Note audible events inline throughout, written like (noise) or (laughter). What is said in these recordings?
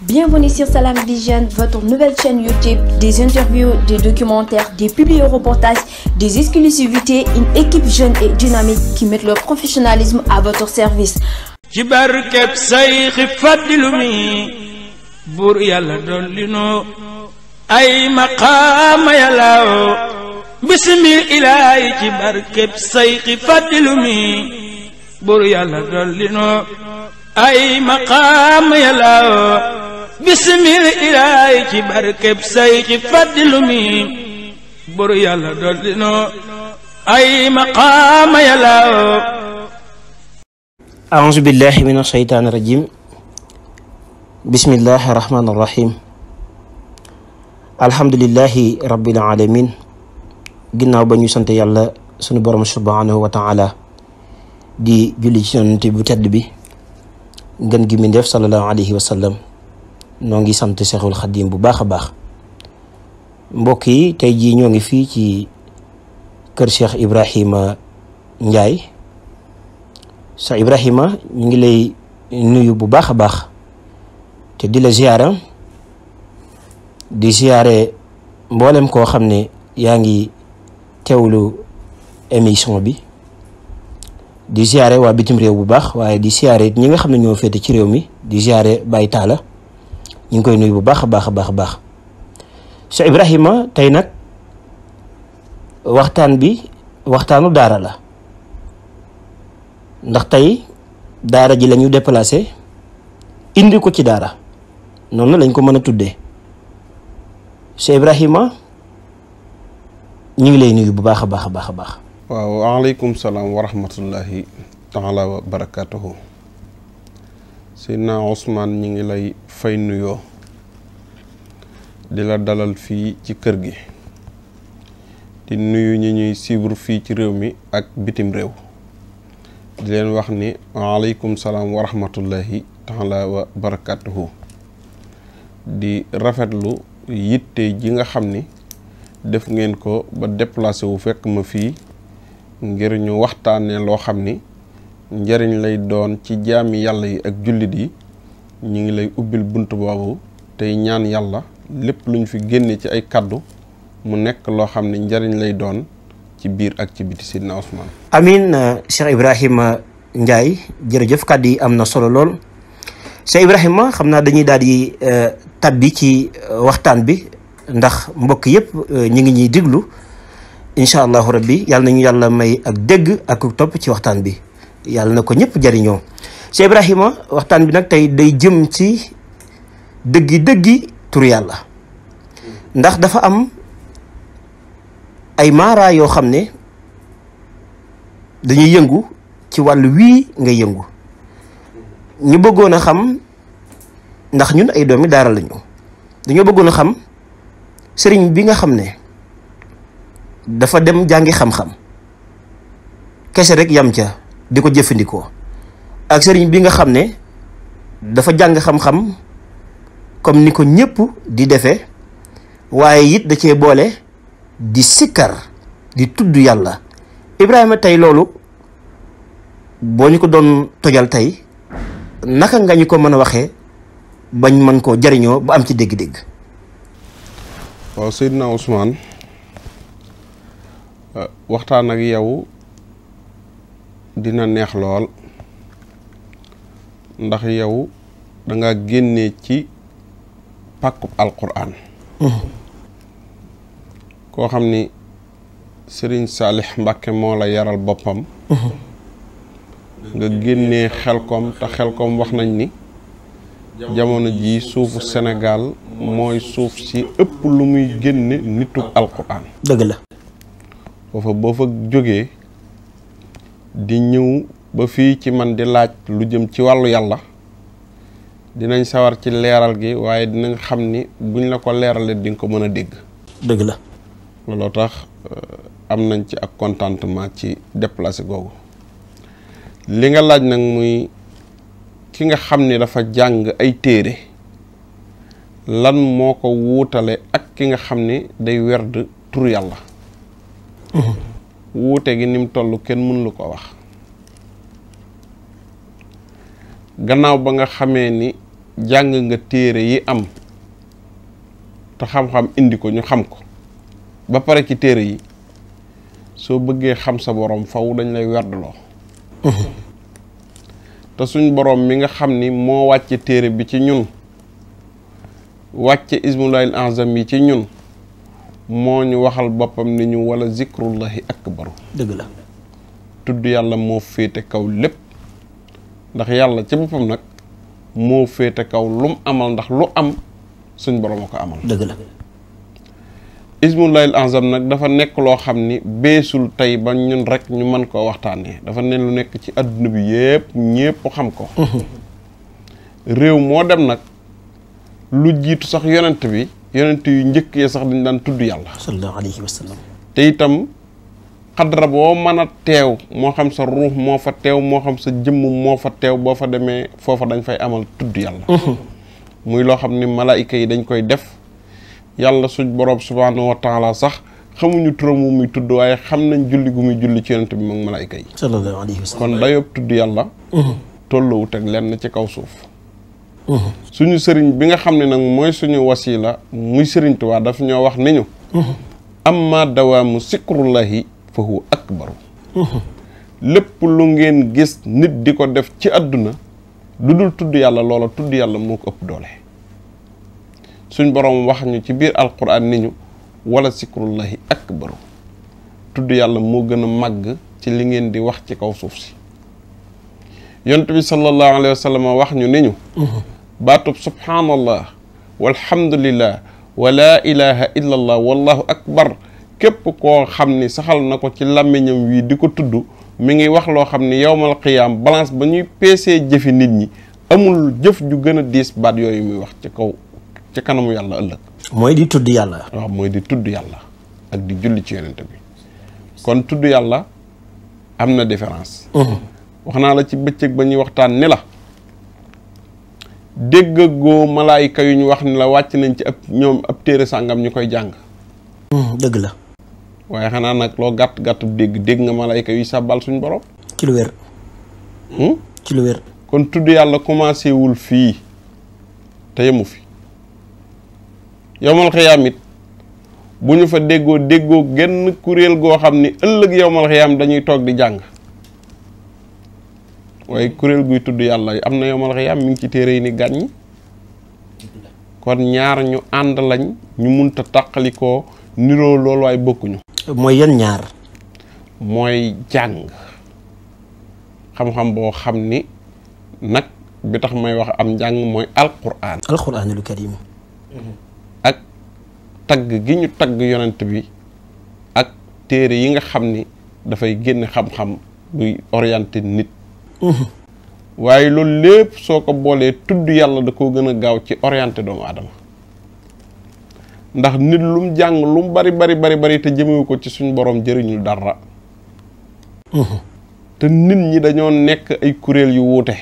Bienvenue sur Salam Vision, votre nouvelle chaîne YouTube, des interviews, des documentaires, des publi-reportages, des exclusivités, une équipe jeune et dynamique qui met leur professionnalisme à votre service. ci barkeb sayxi mi buur yàlla dolli nu ay maqaama yàlla bismil ilaahi ci barkeb sayxi fàddilu mi buur yàlla dolli nu ay maqaam yàllaw bisimil ilaay ci barkeb say ci fàddilu mi buru yàlla dolli noo ay maqaam yàllaw aouzu billahi min asheytaani rajim bismillahi rahmaani rahim alhamdulilahi rabbil alamin ginnaaw ba ñu sant yàlla sunu borom subhanahu wa taala bi ngën gi mbindéef sallallahu alayhi wa sallam noo ngi sant Seexul Xadiim bu baax a baax mbokk yi tey jii ñoo ngi fii ci kër Cheikh Ibrahima njaay Cheikh Ibrahima ñu ngi lay nuyu bu baax a baax te di la ziyaara di ziyaare mboolem koo xam ni yaa ngi teewlu émission bi di ziare waa bitim réew bu baax waaye di ziare it ñi nga xam ne ñoo féete ci réew mi di ziare Baye Talla ñu ngi koy nuyu bu baax a baax a baax a baax Cheikh Ibrahima tey nag waxtaan bi waxtaanu daara la ndax tey daara ji lañuy déplacé indi ko ci daara noonu lañ ko mën a tuddee Cheikh Ibrahima ñu ngi lay nuyu bu baax a baax baax a baax. waaw waaleykum salaam wa rahmatullahi taala wa barakatuhu ñi ngi lay fay nuyoo di la dalal fii ci kër gi di nuyu ñi ñuy suivre fii ci réew mi ak bitim réew di leen wax ni waaleykum salaam wa rahmatullahi taala wa barakatuhu di rafetlu yitte ji nga xam ni def ngeen ko ba déplacé wu fekk ma fii ngir ñu waxtaanee loo xam ni njariñ lay doon ci jaami yàlla yi ak jullit yi ñu ngi lay ubbil bunt boobu tey ñaan yàlla lépp lu ñu fi génne ci ay kàddu mu nekk loo xam ne njariñ lay doon ci biir ak ci biti Sidna Ousmane amin euh, Cheikh Ibrahima Ndiaye jërëjëf kaddu yi am na solo lool Cheikh Ibrahima xam naa dañuy daal di euh, tabbi ci euh, waxtaan bi ndax mbokk yépp ñu ngi ñuy diglu incha allahu rabbi yàlla nañu yàlla may ak dégg ak topp ci waxtaan bi yàlla na ko ñëpp jariñoo Cheikh Ibrahima waxtaan bi nag tey day jëm ci dëggi-dëggi turu yàlla ndax dafa am ay maara yoo xam ne dañuy yëngu ci wàll wii ngay yëngu ñu bëggoon a xam ndax ñun ay doomi daara lañu dañoo bëggoon a xam sëriñ bi nga xam ne dafa dem jàngi xam-xam kese rek yam ca di ko jëfandikoo ak sëriñ bi nga xam ne dafa jàng xam-xam comme ni ko ñëpp di defee waaye it da cee boole di sikkar di tudd yàlla Ibrahima tey loolu boo ñu ko doon tojal tey naka nga ñu ko mën a waxee bañ mën koo jariñoo ba am ci dégg-dégg. waaw Seydina Ousmane. waxtaan ak yow dina neex lool ndax yow danga génne ci pàkkub alquran koo xam ni sëriñ saalix mbàkke moo la yaral boppam nga génnee xelkom te koom wax nañ ni jamono ji suufu Sénégal mooy suuf si ëpp lu muy génne nitug alquran dëgg foofa boo fa jógee di ñëw ba fii ci man di laaj lu jëm ci wàllu yàlla dinañ sawar ci leeral gi waaye dinañ xam ni buñ la ko leeralee di nga ko mën a dégg. dëgg la. looloo tax euh, am nañ ci ak contentement ci déplacé googu li nga laaj nag muy ki nga xam ni dafa jàng ay téere lan moo ko wuutale ak ki nga xam ni day werd tur yàlla. wuute gi ni mu toll kenn mënu lu ko wax gannaaw ba nga xamee ni jàng nga téere yi am te xam-xam indi ko ñu xam ko ba pare ci téere yi soo bëggee xam sa borom faw dañ lay werdloo te suñ borom mi nga xam ni moo wàcce téere bi ci ñun wàcce ismulail azam yi ci ñun moo ñu waxal boppam ni ñu wala zikrullahi akbaru dëgg la tudd yàlla moo féete kaw lépp ndax yàlla ci boppam nag moo féete kaw lum amal ndax lu am suñ borom a ko amal dëgg la ismullahil azam nag dafa nekk loo xam ni beesul tey ba ñun rek ñu mën koo waxtaanee dafa ne lu nekk ci àdduna bi yëpp ñëpp xam ko (laughs) réew moo dem nag lu jiitu sax yonent bi yonent yu njëkk ya sax dañ daan tudd yàlla. sallallahu alayhi wa sallam. te itam xadara boo mën a teew moo xam sa ruux moo fa teew moo xam sa jëmm moo fa teew boo fa demee foofa dañ fay amal tudd yàlla. Mhm. muy loo xam ne malaayika yi dañ koy def yàlla suñ borom subhaanahu wa taala sax xamuñu turam wu muy tudd waaye xam nañ julli gu muy julli ci yonent bi moom malaayika yi. sallallahu alayhi wa sallam kon dayoob tudd yàlla. Mhm. tolluwut ak lenn ci kaw suuf. suñu sëriñ bi nga xam ne nag mooy suñu wasila muy sëriñ Tuubaa daf ñoo wax ni ñu amma dawaamu sikrullahi fa huwa akbaru lépp lu ngeen gis nit di ko def ci àdduna lu dul tudd yàlla loola tudd yàlla moo ko ëpp doole suñ boroom wax ñu ci biir alquran ni ñu wala sikrullahi akbaru tudd yàlla moo gën a màgg ci li ngeen di wax ci kaw suuf si yonent bi sallallahu alayhi wa wax ñu ni ñu baatub subhaanallah walhamdulillah wa laa ilaha illa allah wallahu akbar képp koo xam ni saxal na ko ci làmmiñam wii di ko tudd mi ngi wax loo xam ni yowmal qiyaam balance ba ñuy peesee jëfi nit ñi amul jëf ju gën a diis baat yooyu muy wax ci kaw ci kanamu yàlla ëllëg mooy di tudd yàlla waaw mooy di tudd yàlla ak di julli ci yonent bi kon tudd yàlla am na différence mm-hmm. wax naa la ci bëccëg ba ñuy waxtaan ni la dégg goo malaayika yu ñu wax ni la wàcc nañ ci ab ñoom ab téere sàngam ñu koy jàng. Hmm, dëgg la. waaye xanaa nag loo gàtt gàtt dégg dégg nga malaayika yuy sàbbal suñu borom. ci lu wér. Hmm? ci kon tudd yàlla commencé wul fii te yemu fi yowmal xiyaam it bu ñu fa déggoo déggoo genn kuréel goo xam ni ëllëg yowmal xiyaam dañuy toog di jàng. waaye kuréel guy tudd yàlla am na yomal xiyaam mi ngi ci téere yi ni gàññi kon ñaar ñu ànd lañ ñu munta tàqalikoo niroo loolu waaye bokkuñu mooy yan ñaar mooy jàng xam-xam boo xam ni nag bi tax may wax am njàng mooy alquran alquranul karim ak tagg gi ñu tagg yonent bi ak téere yi nga xam ni dafay génn xam-xam buy orienté nit waaye loolu lépp soo ko boolee tudd yàlla da koo gën a gaaw ci orienté doomu aadama ndax nit lum jàng lum bari bari bari bari te jëmewu ko ci suñ boroom jëriñul dara te nit ñi dañoo nekk ay kuréel yu wuute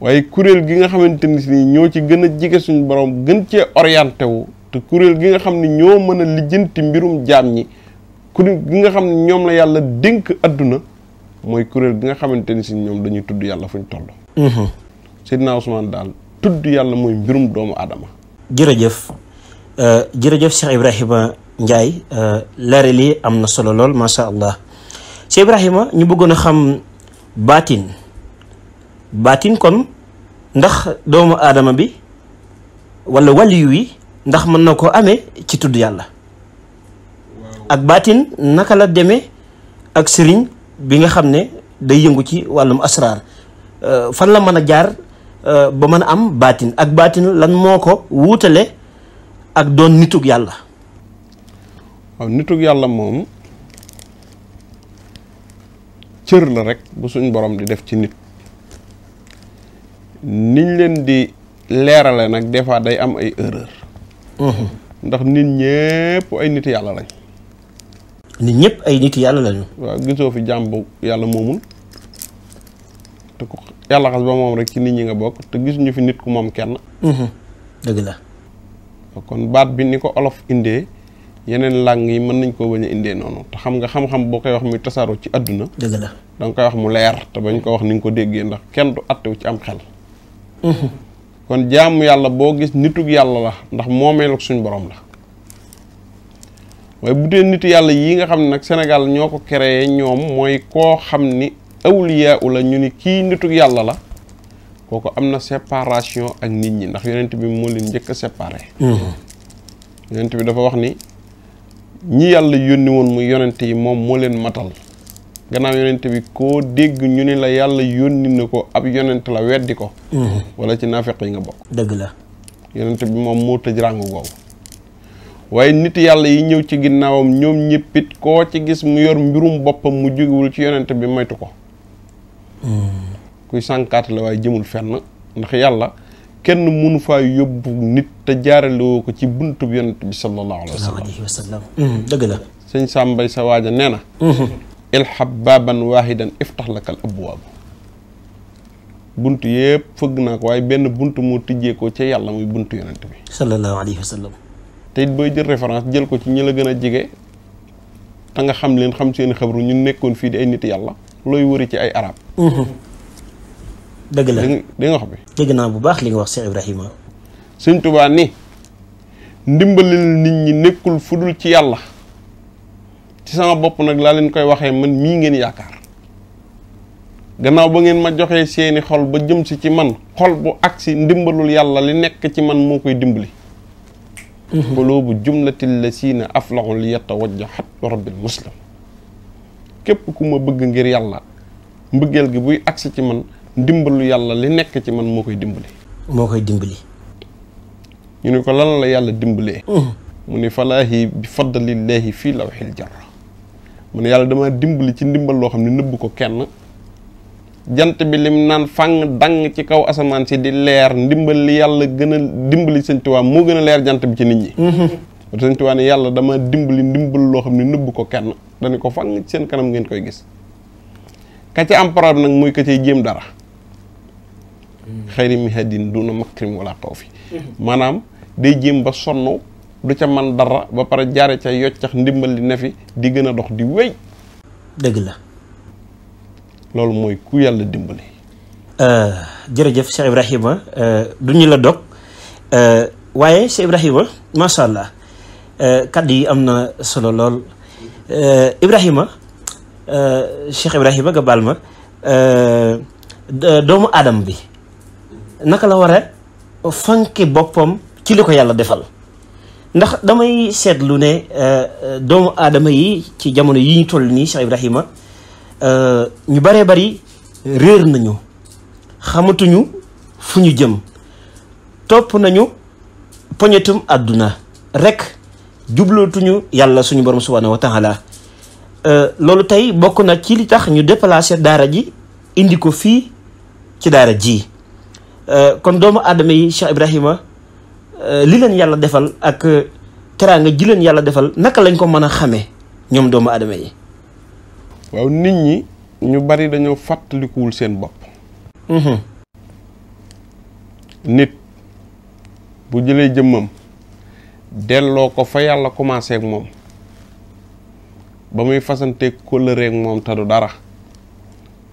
waaye kuréel gi nga xamante ni si ñoo ci gën a jige suñ borom gën cee orienté wu te kuréel gi nga xam ni ñoo mën a lijjanti mbirum jaam ñi kuréel gi nga xam ne ñoom la yàlla dénk àdduna mooy kuréel bi nga xamante ni si ñoom dañuy tudd yàlla fuñ toll. Mhm. Seydina Ousmane daal tudd yàlla mooy mbirum doomu aadama. jërëjëf euh, jërëjëf Cheikh Ibrahima Ndiaye euh, leer lii am na solo lool macha allah Cheikh Ibrahima ñu bëggoon a xam baatin baatin kon ndax doomu aadama bi wala waliyu yi ndax mën na koo amee ci tudd yàlla. ak baatin naka la demee ak sëriñ bi nga xam ne day yëngu ci wàllum asraar euh, fan la mën a jaar euh, ba mën a am baatin ak baatin lan moo ko wuutale ak doon nitug yàlla waaw nitug yàlla moom cër la rek bu suñ borom di def ci nit niñ leen di leerale nag des fois day am ay erreur mhm. ndax nit ñépp ay nit yàlla lañ nit ñëpp ay nit yàlla lañu. waaw gisoo fi jàmm yàlla moomul te ku yàlla xas ba moom rek ci nit ñi nga bokk te gisuñu fi nit ku moom kenn. Mhm. dëgg la. kon baat bi ni ko olof indee yeneen làng yi mën nañ koo bañ a indee noonu te xam nga xam-xam boo koy wax muy tasaaroo ci àdduna. dëgg la da koy wax mu leer te bañ ko wax ni nga ko déggee ndax kenn du attewu ci am xel. Mhm. kon jaamu yàlla boo gis nitug yàlla la ndax moomeelu suñu boroom la. waaye bu dee nitu yàlla yi nga xam ne nag Sénégal ñoo ko créé ñoom mooy koo xam ni awliyaa la ñu ni kii nituk yàlla la kooku am na separation ak nit ñi ndax yonent bi moo leen njëkk a séparé mm-hmm. bi dafa wax ni ñi yàlla yónni mu yonent yi moom moo leen matal gannaaw yonent bi koo dégg ñu ni la yàlla yónni na ko ab yonent la weddi ko mm-hmm. wala ci naafeq nga bokk dëgg la yonent bi moom moo tëj ràng googu waaye nit yàlla yi ñëw ci ginnaawam ñoom ñëppit koo ci gis mu yor mbirum boppam mu jógewul ci yonent bi moytu ko hmm. kuy sànkaate la waaye jëmul fenn ndax yàlla kenn mënu faa yóbbu nit te jaaralewoo ko ci bunt bi yonent bi sallallahu alayhi wa hmm, sëñ sàmbay sa waaja nee na hmm. ilhab baaban waahidan iftax lakal abwaabu bunt yëpp fëgg naa ko waaye benn bunt moo tijjee ko ci yàlla muy bunt yonent bi sallallahu te it booy jël referance jël ko ci ñi la gën a jige te nga xam leen xam seen xabru ñu nekkoon fii di ay nit yàlla looy wëri ci ay arab mhm. dëgg la di nga wax bi dëgg naa bu baax li nga wax Cheikh Ibrahima Sëñ Tuubaa ni ndimbalil nit ñi nekkul fu ci yàlla ci sama nag laa leen koy waxee man mii ngeen yaakaar gannaaw ba ngeen ma joxee seeni xol ba jëm si ci man xol bu agsi ndimbalul yàlla li nekk ci man moo koy dimbali quluubu jumlatil lasiina aflahu li yatawajja xattu rabbil muslim képp ku ma bëgg ngir yàlla mbëggeel gi buy agsi ci man ndimbalu yàlla li nekk ci man moo koy dimbali moo koy dimbali ñu ne ko lan la yàlla dimbalee mm-hmm. mu ne falaahi bi fadlillaahi fii lawxil jarra mu ne yàlla dama dimbali ci ndimbal loo xam ne nëbb ko kenn jant bi lim naan fang dang ci kaw asamaan si di leer ndimbal li yàlla gëna dimbali sëñ Tuubaa moo gën a leer jant bi ci nit ñi mhm. sëñ Tuubaa ne yàlla dama dimbali ndimbal loo xam ne nëbb ko kenn dañu ko fang ci seen kanam ngeen koy gis ka ci am problème nag muy ka ciy jéem dara mhm. xëyri mi haddin duna makrim wala xaw fi mhm. maanaam day jéem ba sonn du ca man dara ba pare jaare ca yoccax ndimbal li ne fi di gën a dox di wéy dëgg la loolu mooy ku yàlla dimbali. Euh, jërëjëf Cheikh Ibrahima euh, du ñu la dog euh, waaye Cheikh Ibrahima macha allah kàddu yi am na solo lool Ibrahima Cheikh Ibrahima nga baal ma doomu aadama bi naka la war a fanke boppam ci li ko yàlla defal. ndax damay seetlu ne doomu aadama yi ci jamono yi ñu toll nii Cheikh Ibrahima Euh, ñu baree bari réer nañu xamatuñu fu ñu jëm topp nañu poñetum àdduna rekk jublootuñu yàlla suñu borom subhaanahu wa taala euh, loolu tey bokk na ci li tax ñu déplacé daara ji indi ko fii ci daara ji euh, kon doomu adama yi Cheikh Ibrahima li leen yàlla defal ak teraanga ji leen yàlla defal naka lañ ko mën a xamee ñoom doomu adama yi waaw nit ñi ñu bari dañoo fàttalikuwul seen bopp. Mhm. nit bu jëlee jëmmam delloo ko fa yàlla commencé moom ba muy fasanteek kóllëreeg moom te du dara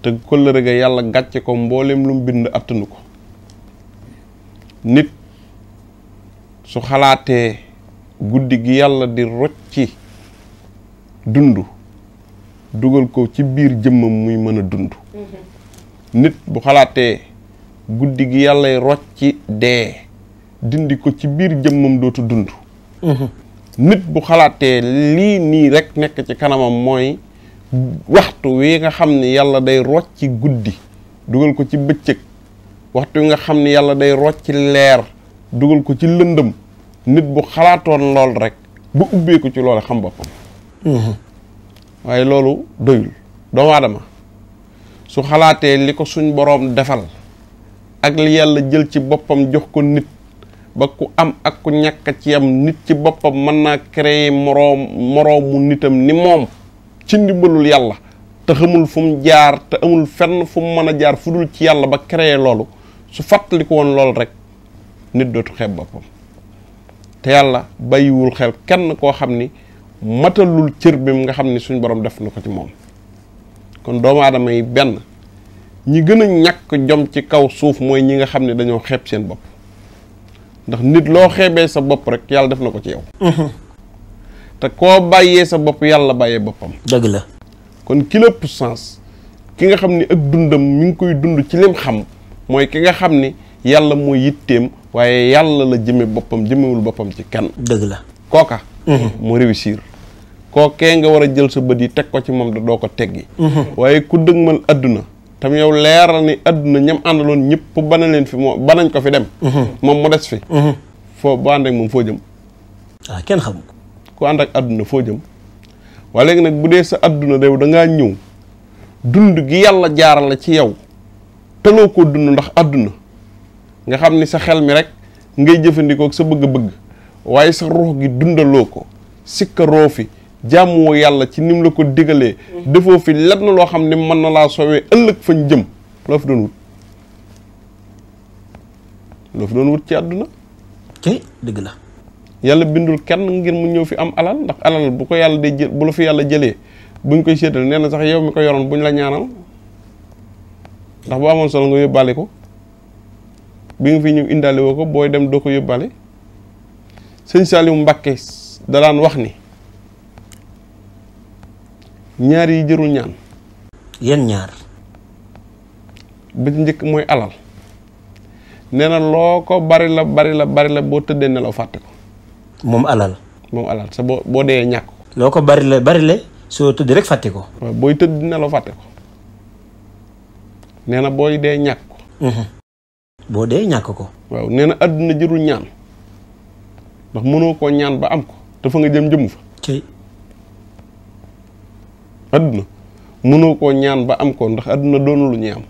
te kóllëre ga yàlla gàcce ko mbooleem lu mu bind attanu ko nit su xalaatee guddi gi yàlla di rocci dund dugal ko ci biir jëmmam muy mën a dund nit bu xalaatee guddi gi yàllay rocci dee dindi ko ci biir jëmmam dootu dund mhm. nit bu xalaatee lii nii rek nekk ci kanamam mooy waxtu wi nga xam ne yàlla day ci guddi dugal ko ci bëccëg waxtu wi nga xam ne yàlla day ci leer dugal ko ci lëndëm nit bu xalaatoon lool rek ba ubbeeku ci loolu xam boppam mhm. waaye loolu doyul doomu aadama su xalaatee li ko suñ boroom defal ak li yàlla jël ci boppam jox ko nit ba ku am ak ku ñàkk ci am nit ci boppam mën naa créer moroom moroomu nitam ni moom ci ndimbalul yàlla te xamul fum jaar te amul fenn fu mu mën a jaar fu dul ci yàlla ba créer loolu su fàttali ko woon loolu rek nit dootu xeeb boppam te yàlla bàyyiwul xel kenn koo xam ni matalul cër bi mu nga xam ne suñ borom def na ko ci moom kon doomu aadama yi benn ñi gën a ñàkk jom ci kaw suuf mooy ñi nga xam ne dañoo xeeb seen bopp ndax nit loo xeebee sa bopp rek yàlla def na ko ci yow. Mhm. te koo bàyyee sa bopp yàlla bàyyee boppam. dëgg la. kon ki ki nga xam ni ak dundam mi ngi koy dund ci lim xam mooy ki nga xam ni yàlla mooy yitteem waaye yàlla la jëmme boppam jëmmewul boppam ci kenn. dëgg la kooka. mu mhm. réussir. kookee nga war a jël sa bët yi teg ko ci moom da doo ko teggi waaye ku dëgmal adduna tam yow leeral ni adduna ñam àndaloon ñëpp bana leen fi moo banañ ko fi dem mhm. moom mu des fi mhm. foo bu ànd ak moom foo jëm ah kenn foo jëm waaye léegi nag bu dee sa àdduna da dangaa ñëw dund gi yàlla jaaral la ci yow taloo koo dund ndax adduna nga xam ni sa xel mi rek ngay jëfandikoo sa bëgg-bëgg waaye sa ruux gi dundaloo ko sikkaroo fi jaamuwoo yàlla ci nim la ko digalee. defoo fi na loo xam ne mën na laa soowee ëllëg fañ jëm loo fi doon wut doon wut ci àdduna. ok dëgg la. yàlla bindul kenn ngir mu ñëw fi am alal ndax alal bu ko yàlla de jël bu la fi yàlla jëlee buñ koy séddale nee na sax yow mi ko yoroon buñ la ñaanal ndax boo amoon solo nga yóbbaale ko bi nga fi ñëw indaale ko booy dem doo ko yóbbaale sëñ Saliou Mbacke da daan wax ni. ñaar yi jërul ñaan. yan ñaar. bi njëkk mooy alal nee na loo ko bari la bari la boo tëddee nelaw fàtte ko. moom alal. moom alal sa boo boo dee ñàkk. loo ko bari la bari soo tëdd rek ko. waaw booy tëdd nelaw nee na booy dee ñàkk ko. Mhm. ñàkk ko. waaw nee àdduna jërul ñaan ndax mënoo koo ñaan ba am ko te fa nga jëm jëmu fa. àdduna mënoo koo ñaan ba am ko ndax àdduna doonu lu ñuy am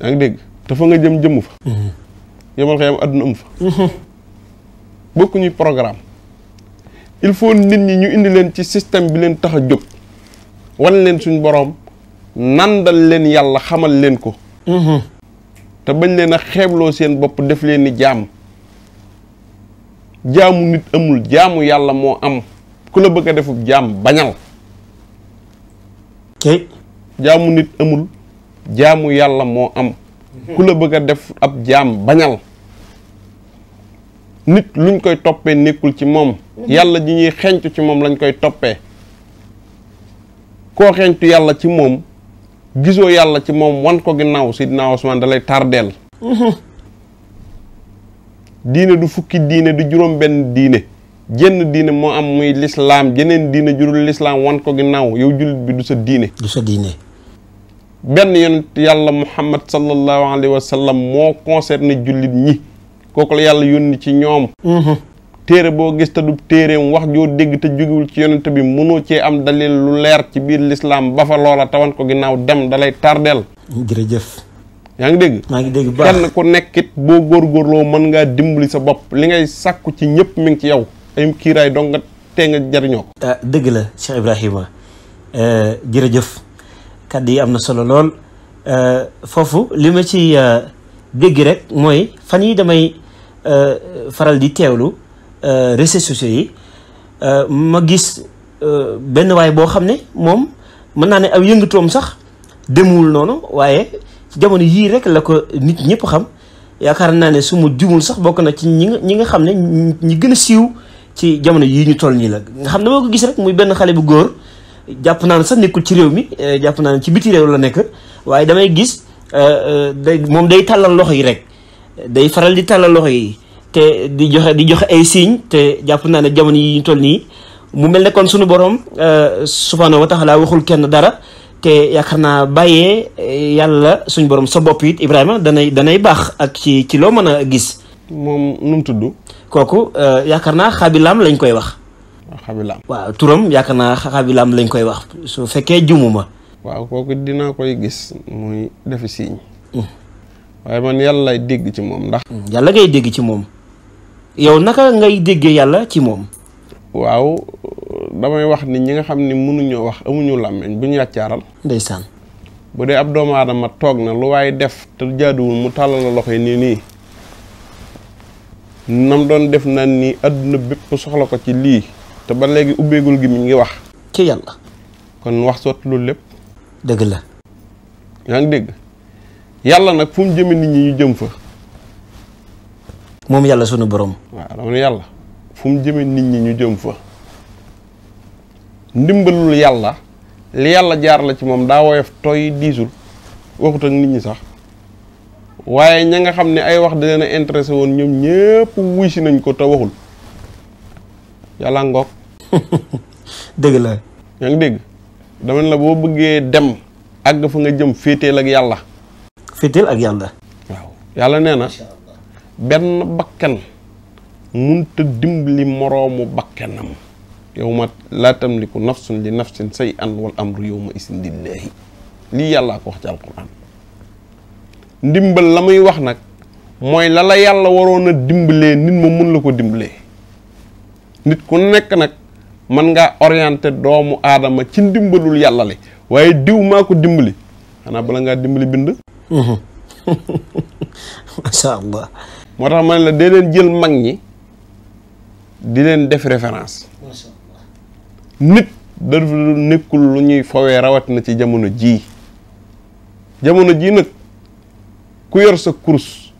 yaa ngi dégg te fa nga jëm jëmu fa mhm. yemal xëyam àdduna am fa mhm. bokkuñu programme il faut nit ñi ñu indi leen ci système bi leen tax a jóg wan leen suñ boroom nandal leen yàlla xamal leen ko mhm. te bañ leen a xeebloo seen bopp def leen ni jaam jaamu nit amul jaamu yàlla moo am ku la bëgg a defub jaam bañal kay jaamu nit amul jaamu yàlla moo am ku la bëgg a def ab jaam bañal nit luñ koy toppee nekkul ci moom yàlla ji ñuy xencu ci moom lañ koy toppee koo xencu yàlla ci moom gisoo yàlla ci moom wan ko ginnaaw Seydina Usmaan da lay tardeel mhm. diine du fukki diine di juróom benn diine jenn diine moo am muy lislaam jeneen diine jurul lislaam wan ko ginnaaw yow jullit bi du sa diine du sa diine benn yonent yàlla muhammad sallallahu alayhi wa sallam moo concerné jullit ñi kooku la yàlla yónni ci ñoom mm-hmm. téere boo gis te du téereem wax joo dégg te jógewul ci yonent bi mënoo cee am dalil lu leer ci biir lislaam ba fa loola tawan ko ginnaaw dem dalay tardeel jërëjëf yaa ngi dégg maa ngi dégg baax kenn ku nekkit boo góor góorloo mën ngaa dimbali sa bopp li ngay sàkku ci ñëpp mi ngi ci yow ay kiiraay dong nga tee nga jariñoo ko ah dëgg la Cheikh Ibrahima eh, jërëjëf kat yi am na solo lool eh, foofu li ma ci eh, dégg rek mooy fan yi damay faral di teewlu réseaux sociaux yi ma gis benn waay boo xam ne moom mën naa ne aw yëngutoom sax demul noonu waaye ci jamono yii rek la ko nit ñëpp xam yaakaar naa ne su ma jumul sax bokk na ci ñi nga ñi nga xam ne ñi gën a siiw ci jamono yii ñu toll nii la nga xam dama ko gis rek muy benn xale bu góor jàpp naa ne sax nekkul ci réew mi eh, jàpp naan ci biti réew la nekk waaye damay gis eh, eh, day moom day tàllal loxo yi rek day faral di tàllal loxo yi te di joxe di joxe ay signes te jàpp naa ne jamono yi ñu toll nii mu mel ne koon suñu borom subhaanahu wa taala waxul kenn dara te yaakaar naa bàyyee yàlla suñu borom sa bopp it Ibrahima danay danay baax ak ci ci loo mën a gis. moom nu tudd. kooku euh, yaakaar naa xabilaam lañ koy wax. Ah, xabilaam waaw turam yaakaar naa xabilaam lañ koy wax su fekkee ma waaw kooku dinaa koy gis muy defi siiñ. Mm. waaye man yàlla lay dégg ci moom ndax. Mm, yàlla ngay dégg ci moom. yow naka ngay déggee yàlla ci moom. waaw damay wax nit ñi nga xam ni mënuñoo wax amuñu làmmiñ bu ñu yàccaaral. ndeysaan. bu dee ab doomu aadama toog na lu waaye def te jaaduwul mu tàllal la loxo yi nii nii. nam doon def naan ni àdduna bépp soxla ko ci lii te ba léegi ubbeegul gi mi ngi wax. ci yàlla. kon wax sotti loolu lépp. dëgg la. yaa ngi dégg yàlla nag fu mu jëme nit ñi ñu jëm fa. moom yàlla sunu borom. waaw loolu yàlla fu mu nit ñi ñu jëm fa. ndimbalul yàlla li yàlla jaar la ci moom daa woyof tooy diisul waxut ak nit ñi sax. waaye ña nga xam ne ay wax da leen a woon ñoom ñëpp wuy si nañ ko te waxul yàlla ngoog (laughs) dëgg la ñaa ngi dégg dama la boo bëggee dem àgg fa nga jëm féeteel ak yàlla féeteel ak yàlla waaw yàlla nee na benn bakkan munta dimbali moroomu bakkanam yow ma laa tamliku nafsun li nafsin say an wal amru yow ma isin lillaahi lii yàllaa ko wax ci alquran ndimbal la muy wax nag mooy la la yàlla waroon a dimbalee nit ma mun la ko dimbalee nit ku nekk nag mën ngaa orienté doomu aadama ci ndimbalul yàlla li waaye diw maa ko dimbali xanaa bala ngaa dimbali bind. Mhm. (laughs) macha moo tax ma ne la dee leen jël mag ñi di leen def référence. macha allah nit nekkul lu ñuy fowee rawatina ci jamono jii jamono jii nag. ku yor sa kurus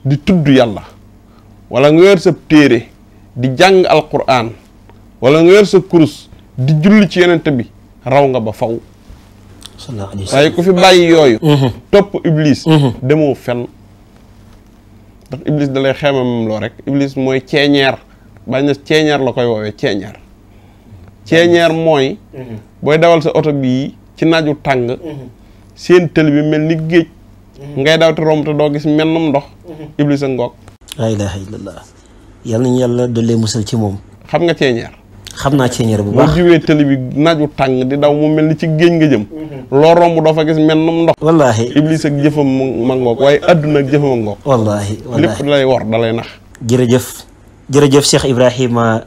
di tudd yàlla walla nga yor sa téere di jàng alquran wala nga yor sa kurus di julli ci yenent bi raw nga ba faw waaye ku fi bàyyi yooyu mhm. topp iblis mhm. demoo fenn ndax iblis da lay loo rek iblis mooy ceeñeer bañ na ceeñeer la koy woowee ceeñeer ceeñeer mooy mhm. booy dawal sa oto bii ci naaju tàng seen tël bi mel ni géej ngay daw te romb te doo gis mennum ndox. Mhm. iblis a ngoog. laa ilaaha illallah yal nañu yàlla dollee musal ci moom. xam nga ceeñeer. xam naa ceeñeer bu baax boo jiwee tëli bi tàng di daw mu mel ni ci géej nga jëm. Mhm. loo romb doo fa gis mennum ndox. wallaahi iblis ak jëfam ma ngoog waaye àdduna ak jëfam a ngoog. wallaahi wallaahi lépp lay wor da lay nax. jërëjëf jërëjëf Cheikh Ibrahima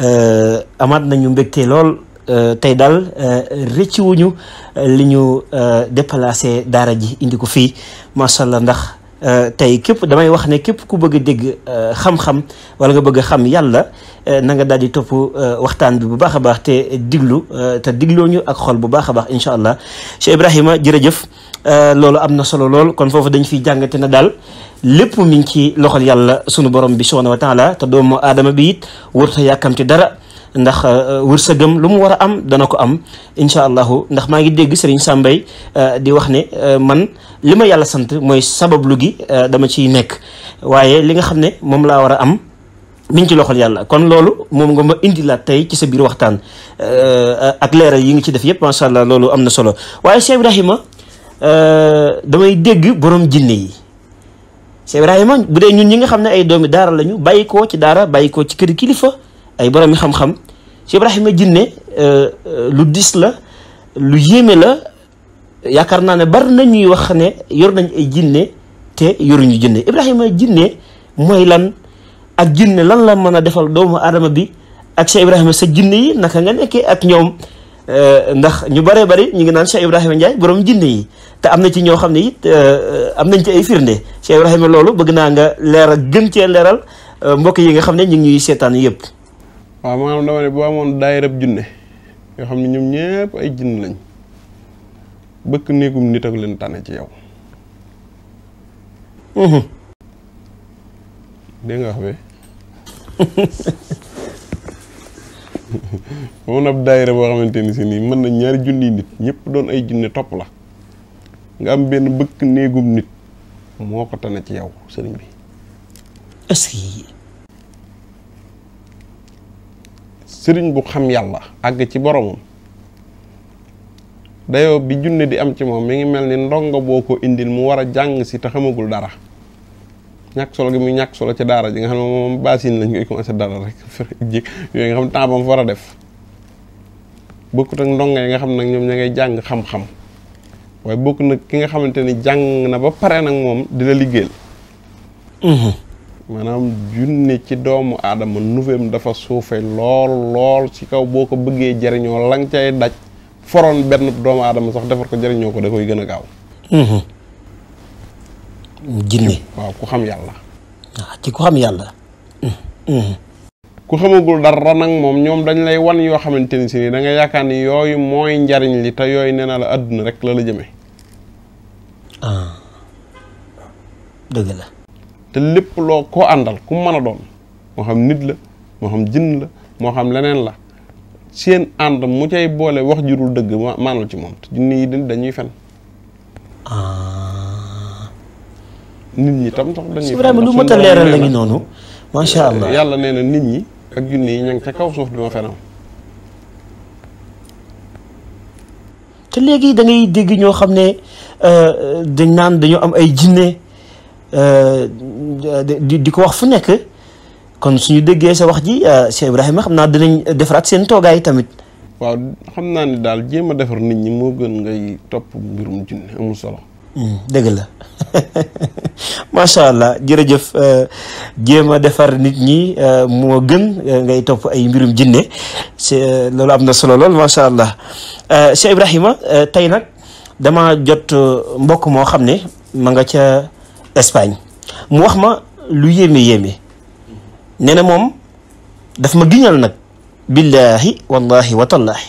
euh, amaat nañu mbégte lool. Euh, tey daal euh, rëcciwuñu euh, li ñu déplacé daara ji indi ko fi macha allah ndax tey képp damay wax ne képp ku bëgg dégg xam-xam walla nga bëgg a xam yàlla na nga daal di topp waxtaan bi bu baax a baax te diglu te digloo ñu ak xol bu baax a baax incha allah Cheikh Ibrahima jërëjëf loolu am na solo lool kon foofu dañ fiy jàngate na daal lépp mi ngi ci loxol yàlla sunu borom bi subhanahu wa taala te doomu aadama bi it warut a yàkkamti dara. ndax euh, wërsëgam lu mu war a am dana ko am incha allahu ndax maa ngi dégg sëriñ Sambay euh, di wax ne euh, man li ma yàlla sant mooy sabablu gi dama ciy nekk waaye li nga xam ne moom laa war a am miñ ci loxol yàlla kon loolu moom nga ma indi la tey ci sa biir waxtaan ak leeral yi nga ci def yëpp macha allah loolu am na solo waaye Cheikh Ibrahima damay dégg borom jinne yi Cheikh Ibrahima bu dee ñun ñi nga xam ne ay doomi daara lañu bàyyi ci daara bàyyi ci kër kilifa. ay borom xam-xam Cheikh Ibrahima Jinne euh, euh, lu dis la lu yéeme la yaakaar naa ne bari na ñuy wax ne yor nañ ay jinne te yoruñu jinne Ibrahima Jinne mooy lan ak jinne lan la mën a defal doomu aadama bi ak Cheikh Ibrahima sa jinne yi naka nga nekkee ak ñoom euh, ndax ñu bëree bëri ñu ngi naan Cheikh Ibrahima Ndiaye borom jinne yi te am na ci ñoo xam ne it am nañ ci ay firnde Cheikh Ibrahima loolu bëgg naa nga leeral gën cee leeral mbokk yi nga xam ne ñu ngi ñuy seetaan yëpp. waaw maanaam dama ne boo amoon daayirab junne yoo xam ne ñoom ñëpp ay jinn lañ bëkk néegum nit ak leen tane ci yow dégg nga wax (laughs) boo xamante nii mën na ñaari junni nit ñëpp doon ay junne topp la nga am benn bëkk néegum nit moo ko tane ci yow sëriñ bi sëriñ bu xam yàlla àgg ci boromam dayoo bi junne di am ci moom mi ngi mel ni ndongo boo ko indil mu war a jàng si te xamagul dara ñàkk solo gi muy ñàkk solo ci daara ji nga xam ne moom basin lañ koy commencé dara rek (laughs) yooyu nga xam temps ba war a def bokkut ak ndongo yi nga xam nag ñoom ña ngay jàng xam-xam waaye bokk nag ki nga xamante ni jàng na ba pare nag moom di la liggéeyal mhm. maanaam junne ci doomu aadama nuveem dafa suufe lool lool ci kaw boo ko bëggee jariñoo la nga daj foroon benn doomu aadama sax defar ko jariñoo ko da koy gën a gaaw mhm. jinne waaw ku xam yàlla ah, ci ku xam yàlla mhm. Mhm. ku xamagul dara nag moom ñoom dañ lay wan yoo xamante ni si ni da nga yaakaar ni yooyu mooy njariñ li te yooyu nee na la àdduna rek lala la ah. dëgg te lépp loo koo àndal ku mën a doon moo xam nit la moo xam jinn la moo xam leneen la seen ànd mu cay boole wax jurul dëgg maanal ci moom te jinne yi dañuy fen ah. nit ñi tam sax dañuy Ibrahima lu mën a leeral la noonu macha euh, yàlla nee nit ñi ak yi ña ngi kaw suuf di ma te léegi da ngay ñoo xam ne euh, dañ naan dañu am ay jinne euh, di di ko wax fu nekk kon suñu déggee sa wax ji euh, Cheikh Ibrahima xam naa dinañ defaraat seen toogaay tamit. waaw xam naa ne daal jéem a defar nit ñi moo gën ngay topp mbirum hmm, la (laughs) macha allah jërëjëf euh, jéem a defar nit ñi euh, moo gën ngay topp ay mbirum jinne si loolu am na solo lool macha allah Cheikh Ibrahima tey nag dama jot mbokk moo xam ne ma nga ca Espagne. mu wax ma lu yéeme yéeme nee na moom daf ma giñal nag billaahi wallahi wa tallaahi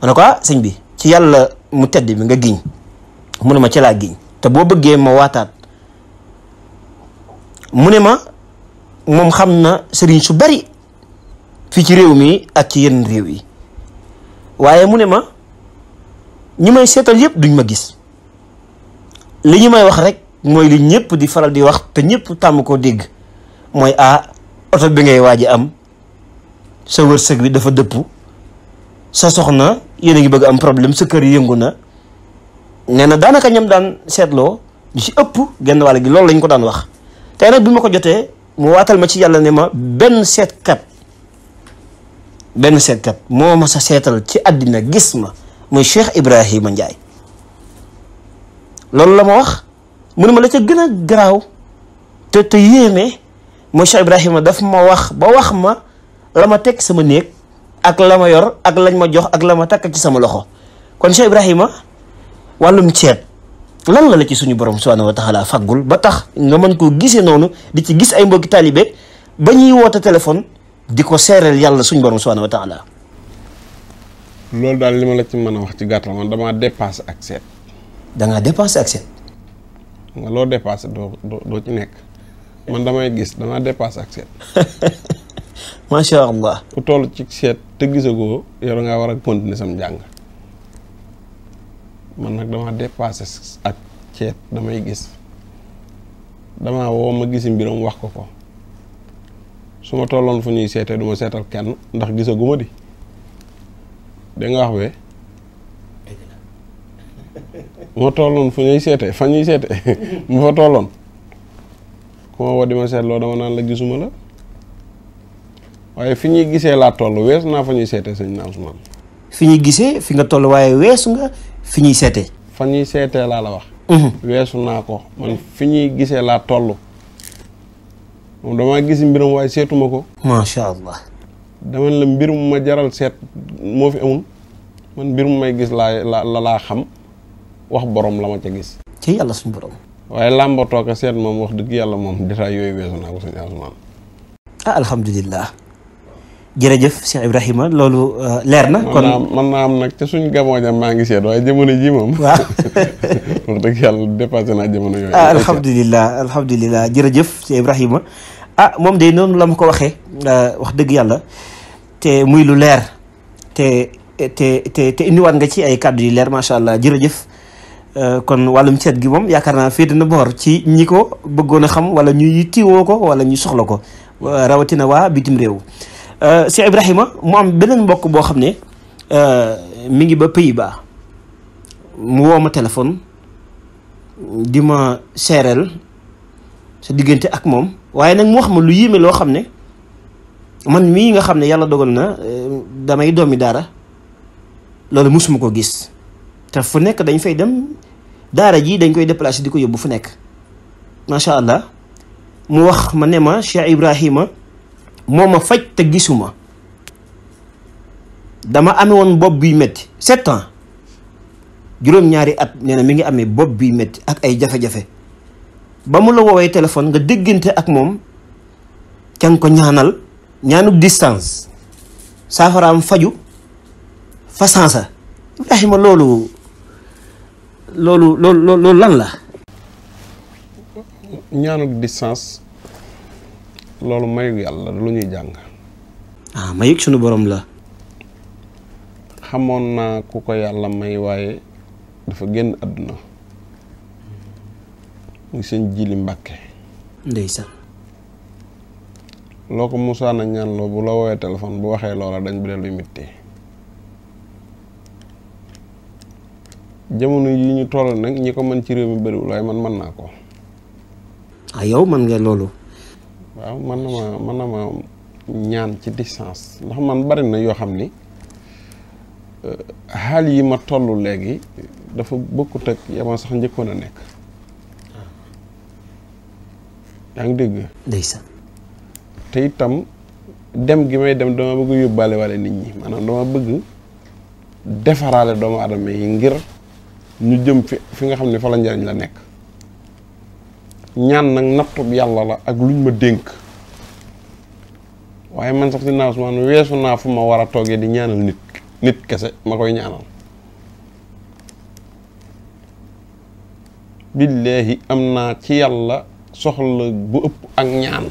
ma ne ko ah sëñ bi ci yàlla mu tedd bi nga giñ mu ne ma ci laa giñ te boo bëggee ma waataat mu ne ma moom xam na sëriñ su bari fii ci réew mi ak ci yenn réew yi waaye mu ne ma ñu may seetal yëpp duñ ma gis li ñu may wax rek mooy li ñëpp di faral di wax te ñëpp tàmm koo dégg mooy a ah, oto bi ngay waaj am sa wërsëg bi dafa dëpp sa soxna yéen a ngi bëgg am problème sa kër yëngu na nee na daanaka ñam daan seetloo ñu ci ëpp genn wàll gi loolu lañ ko daan wax tey nag bi ma ko jotee mu waatal ma ci yàlla ne ma benn seetkat benn seetkat moo ma sa seetal ci àddina gis ma muy Cheikh Ibrahima Ndiaye loolu la ma wax mënu ma la ca gën a garaaw te te yéeme mooy Cheikh Ibrahima daf ma wax ba wax ma la ma teg sama néeg ak la ma yor ak lañ ma jox ak la ma takk ci sama loxo kon Cheikh Ibrahima wàllum ceeb lan la la ci suñu borom subhanahu wa taala faggul ba tax nga mën koo gisee noonu di ci gis ay mbokki taalibe ba ñuy woote téléphone di ko seereel yàlla suñu borom subhanahu wa taala loolu daal li ma la ci mën a wax ci gàttal man damaa dépassé ak seet. da ngaa dépassé ak nga loo dépassé doo doo ci nekk man damay gis damaa dépassé ak seet. (laughs) macha allah. ku toll ci seet te gisagoo yow da ngaa war a continuer sam njàng. man nag damaa dépassé ak seet damay gis damaa woo ma gisi mbiram wax ko ko su ma tolloon fu ñuy seetee du seetal kenn ndax gisaguma di da nga wax we moo tolloon fu ñuy seete fa ñuy seete (laughs) mu fa tolloon ku ma woo ma seetloo dama naan la gisuma la waaye fi ñuy gisee laa toll weesu naa fa ñuy seete sëñ na Ousmane fi fi nga toll waaye weesu nga fi ñuy seete fa ñuy seetee laa la wax mhm. weesu naa ko man fi ñuy gisee laa toll moom damaa gis mbiram waaye seetuma ko macha allah dama la mbir mu ma jaral seet moo fi amul man mbir mu may gis laa la laa xam wax borom la ma gis. ci yàlla suñu borom. waaye làmbatoo ko seet moom wax dëgg yàlla moom détail yooyu weesu naa ko suñu asumaan. ah jërëjëf Cheikh Ibrahima loolu euh, leer na. kon nag suñu gamooñam maa ngi seet waaye jamono ji moom. waaw (laughs) wax dëgg yàlla dépassé naa jamono yooyu. ah alhamdulilah alhamdulilah jërëjëf Cheikh Ibrahima. ah moom de noonu lam ko waxee euh, wax dëgg yàlla te muy lu leer te te indiwaat nga ci ay kàddu yi leer macha allah jërëjëf. Euh, kon wàllum seet gi moom yaakaar naa féete na boor ci ñi ko bëggoon a xam wala ñu yittiwoo ko wala ñu soxla ko euh, rawatina waa bitim réew euh, Cheikh Ibrahima mu am beneen mbokk boo xam ne mi ngi ba Pays-Bas mu woo ma téléphone di ma seereel sa diggante ak moom waaye nag mu wax ma lu yéeme loo xam ne man mii nga xam ne yàlla dogal na damay doomi dara loolu musuma ko gis te fu nekk dañ fay dem daara ji dañ koy déplacé di ko yóbbu fu nekk macha allah mu wax ma ne ma Cheikh Ibrahima moo ma faj te gisuma dama ame woon bopp bi metti sept ans juróom-ñaari at nee na mi ngi amee bopp bi métti ak ay jafe-jafe ba mu la woowee téléphone nga déggante ak moom ca nga ko ñaanal ñaanu distance saafaraam faju fasansa Ibrahima loolu loolu loolu lan la. ñaanuk distance loolu mayu yàlla lu ñuy jàng. ah mayug sunu borom la. xamoon naa ku ko yàlla may waaye dafa génn àdduna muy sëñ Jili Mbàkke ndeysaan loo ko musaana ñaan loo bu la woowee téléphone bu waxee loola dañ bi dee luy mitti jamono yi ñu tollal nag ñi ko mën ci réew mi bëriwul waaye man mën naa ko. ah yow man nga loolu. waaw man na ma na ma ñaan ci distance ndax man bari na yoo xam ni euh, xaal yi ma tollu léegi dafa bokkut ak yama sax njëkkoon a nekk. Ah. yaa ngi dégg. ndeysaan. te itam dem gi may dem dama bëgg yóbbaale wale nit ñi maanaam dama bëgg defaraale doomu aadama yi ngir ñu jëm fi fi nga xam ne fa la njariñ la nekk ñaan nag nattub yàlla la ak luñ ma dénk waaye man sax si naa Ousmane weesu naa fu ma war a toogee di ñaanal nit nit kese ma koy ñaanal billaahi am naa ci yàlla soxla bu ëpp ak ñaan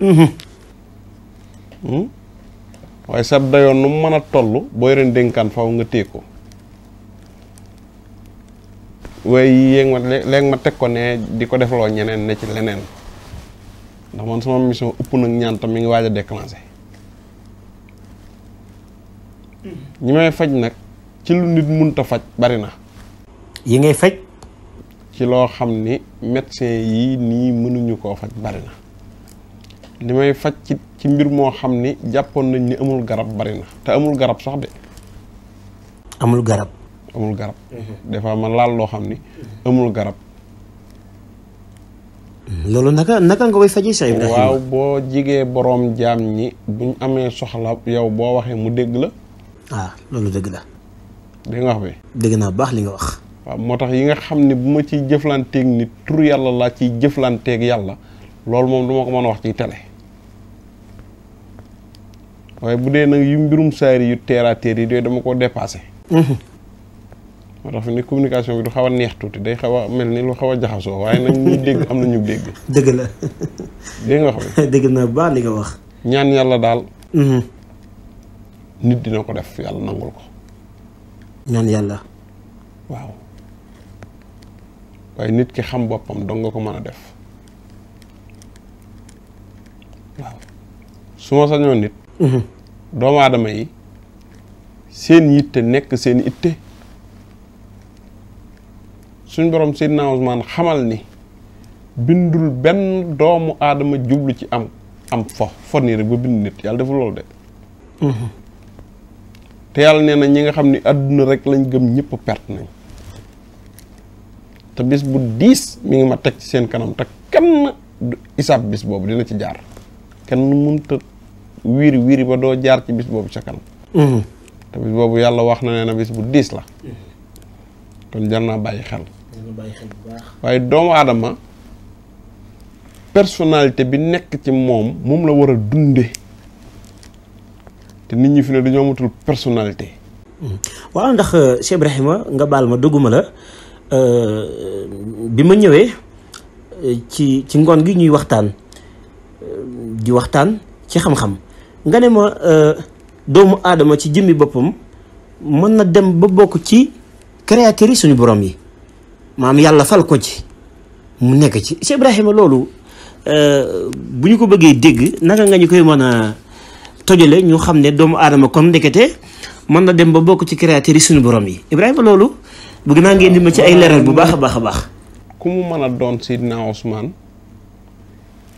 mm-hmm. hmm? waaye sa dayoon nu mu mën a tollu booy yoreen dénkaan faw nga téye ko waaye yéeg ma léegi ma teg ko ne di ko defloo ñeneen ne ci leneen ndax man sama mission ëpp nag ñaan tam mi ngi waaj a déclenché hmm. ñi may faj nag ci lu nit munta faj bari na yi ngay faj ci loo xam ni médecin yi nii mënuñu koo faj bari na li may faj ci ci mbir moo xam ni jàppoon nañ ni amul garab bari na te amul garab sax de. amul garab. amul garab. Mhm. des fois ma laal loo xam ni amul garab. Mhm. loolu naka naka nga koy fajee Cheikh waaw boo jigee boroom jaam ñi buñ amee soxla yow boo waxee mu dégg la. waaw ah, loolu dëgg la. dégg nga wax bi. dégg naa baax li nga wax. waaw moo tax yi nga xam ne bu ma ciy jëflanteeg nit tur yàlla laa ciy jëflanteeg yàlla loolu moom du ma ko mën a wax ci télé. waaye bu dee nag yu mbirum saari yu terre à yi yooyu dama koo dépassé. Mhm. moo tax fi ne communication bi du xaw a neex tuuti day xaw a mel ni lu xaw a jaxasoo waaye nag ñuy dégg am na ñu dégg. dëgg la. dégg nga xam dégg na baax li nga wax. ñaan yàlla daal. Mhm. nit dina ko def yàlla nangul ko. ñaan yàlla. waaw. waaye nit ki xam boppam dong nga ko mën a def. waaw su ma sañoon nit. Mhm. doomu aadama yi seen yitte nekk seen itte suñ borom Seydina Ousmane xamal ni bindul benn doomu aadama jublu ci am am fo fo nii rek ba bind nit yàlla deful loolu de mm-hmm. te yàlla nee na ñi nga xam ni àdduna rek lañ gëm ñëpp perte nañ te bis bu diis mu ngi ma teg ci seen kanam te kenn isaab bis boobu dina ci jaar kenn mënta wiiri wiiri ba doo jaar ci bis boobu ca kanam mhm. te bis boobu yàlla wax na ne na bis bu diis la mhm. kon jar naa bàyyi xel waaye doomu aadama personnalité bi nekk ci moom moom la war a dunde te nit ñi fi ne dañoo amatul personnalité mhm. waaw ndax euh, Cheikh Ibrahima nga baal ma dugguma la euh, bi ma ñëwee euh, ci ci ngoon gi ñuy waxtaan di waxtaan ci xam-xam nga ne ma euh, doomu aadama ci jëmmi boppam mën na dem ba bokk ci créateurs yi suñu borom yi maam yàlla fal ko ci mu nekk ci Cheikh Ibrahima loolu euh, bu ñu ko bëggee dégg naka nga ñu koy mën a tojale ñu xam ne doomu aadama kon ndekete mën na dem ba bokk ci créateurs yi suñu borom yi Ibrahima loolu bëgg naa ngeen di ma ci ay leeral bu baax a baax a baax. ku mu mën a doon Sidna Ousmane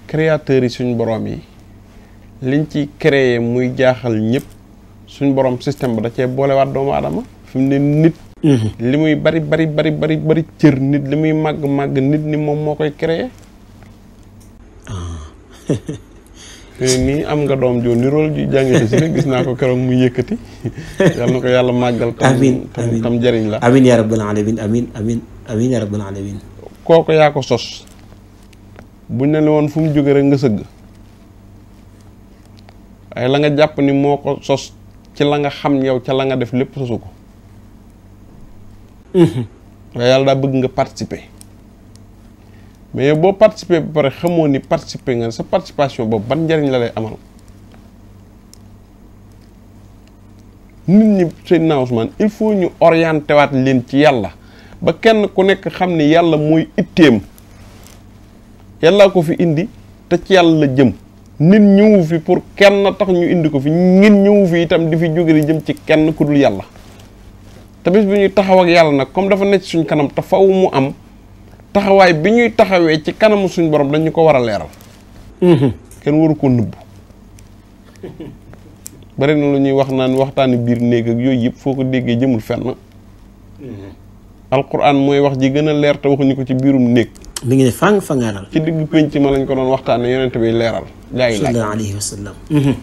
créateurs yi suñu borom yi. liñ ci créé muy jaaxal ñépp suñ borom système ba da cee boolewaat doomu aadama fi mu ne nit. Mhm. li muy bari bari bari bari bari cër nit li muy màgg màgg nit ni moom moo koy créé. Ah. (laughs) nii am nga doom joo nirool ju jàngee si rek gis naa ko keroog mu yëkkati yal na ko yàlla màggal. amiin tam tam jëriñ la. amiin yaa rabbal alamin amiin amiin amiin yaa rabbal alamin kooku yaa ko sos buñ ne la woon fu mu jógee rek nga sëgg. waaye la nga jàpp ni moo ko sos ci la nga xam yow ca la nga def lépp sosu ko mhm. waaye yàlla daa bëgg nga participer mais boo participer ba pare xamoo ni participer nga sa participation boobu ban njariñ la lay amal nit ñi Seydina Ousmane il faut ñu orienté waat leen ci yàlla ba kenn ku nekk xam ni yàlla mooy itteem yàllaa ko fi indi te ci yàlla la jëm nit ñëwu fi pour kenn tax ñu indi ko fi nit ñëwu fi itam di fi jóge di jëm ci kenn ku dul yàlla te bis bi ñuy taxaw ak yàlla nag comme dafa nekk suñ kanam te faw mu am taxawaay bi ñuy taxawee ci kanamu suñ borom dañu ko war a leeral mhm. kenn waru ko nëbb bari na lu ñuy wax naan waxtaani biir néeg ak yooyu yëpp foo ko déggee jëmul fenn mhm. alquran mooy wax ji gën a leer te waxuñu ko ci biirum néeg mi ngi ne fang fangaaral ci digg pénc ma lañ ko doon waxtaane yonent bi leeral gaa yi laaj alayhi wa mhm.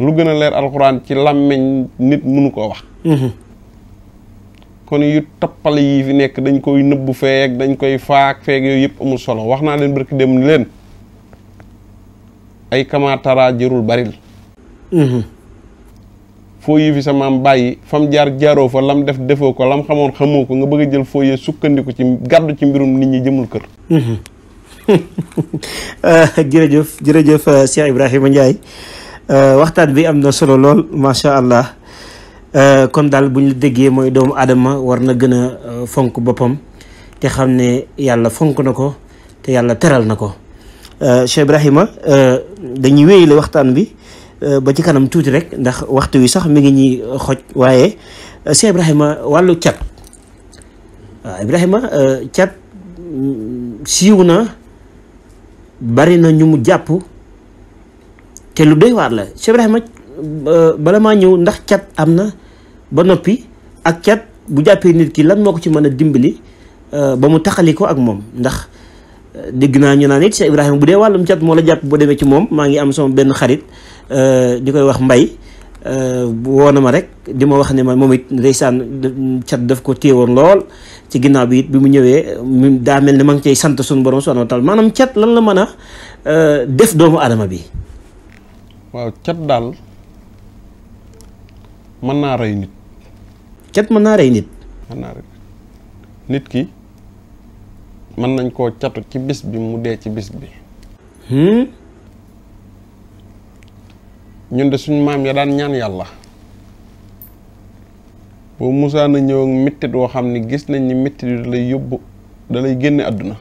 lu gën a leer alxuraan ci làmmiñ nit mënu koo wax mhm. kon yu tappale yi fi nekk dañ koy nëbbu feek dañ koy faak feek yooyu yëpp amul solo wax naa leen barki dem ni leen ay kamaatara jërul baril mhm. fooyee fi sa maam bàyyi fam jaar jaaroo fa lam def defoo ko lam xamoon xamoo ko nga bëgg a jël fooyee sukkandiku ci gàddu ci mbirum nit ñi jëmul kër. Mhm. (laughs) jërëjëf jërëjëf euh, Cheikh Ibrahima Ndiaye euh, waxtaan bi am na solo lool macha allah euh, kon daal bu ñu déggee mooy doomu aadama war na gën a fonk boppam te xam ne yàlla fonk na ko te yàlla teral na ko Cheikh Ibrahima dañuy wéyale waxtaan bi. Euh, ba ci kanam tuuti rek ndax waxtu wi sax mi ngi ñuy euh, xoj waaye euh, Cheikh Ibrahima wàllu cat waaw Ibrahima cat mm, siiw na bari na ñu mu jàpp te lu doy waar la Cheikh Ibrahima bala maa ñëw ndax cat am na ba noppi ak cat bu jàppee nit ki lan moo ko ci mën a dimbali ba mu taxali ko ak moom ndax dégg naa ñu naan it Cheikh Ibrahima bu dee wàllum cat moo la jàpp boo demee ci moom maa ngi am sama benn xarit ñu euh, koy wax mbay euh, woon na ma rek di ma wax ne ma moom it ndeysaan cat daf ko téewoon lool ci ginnaaw bi it bi mu ñëwee mu ne ma ngi cay sant suñu borom subhanahu wa taala maanaam cat lan la mën euh, def doomu aadama bi cat daal mën naa rey nit cat mën naa rey nit nit ki mën nañ koo catu ci bis bi mu dee ci bis bi hmm? ñun de suñ maam ya daan ñaan yàlla boobu Moussa na ñëw ak mettit woo xam ne gis nañ ni mettit yi da lay yóbbu da génne àdduna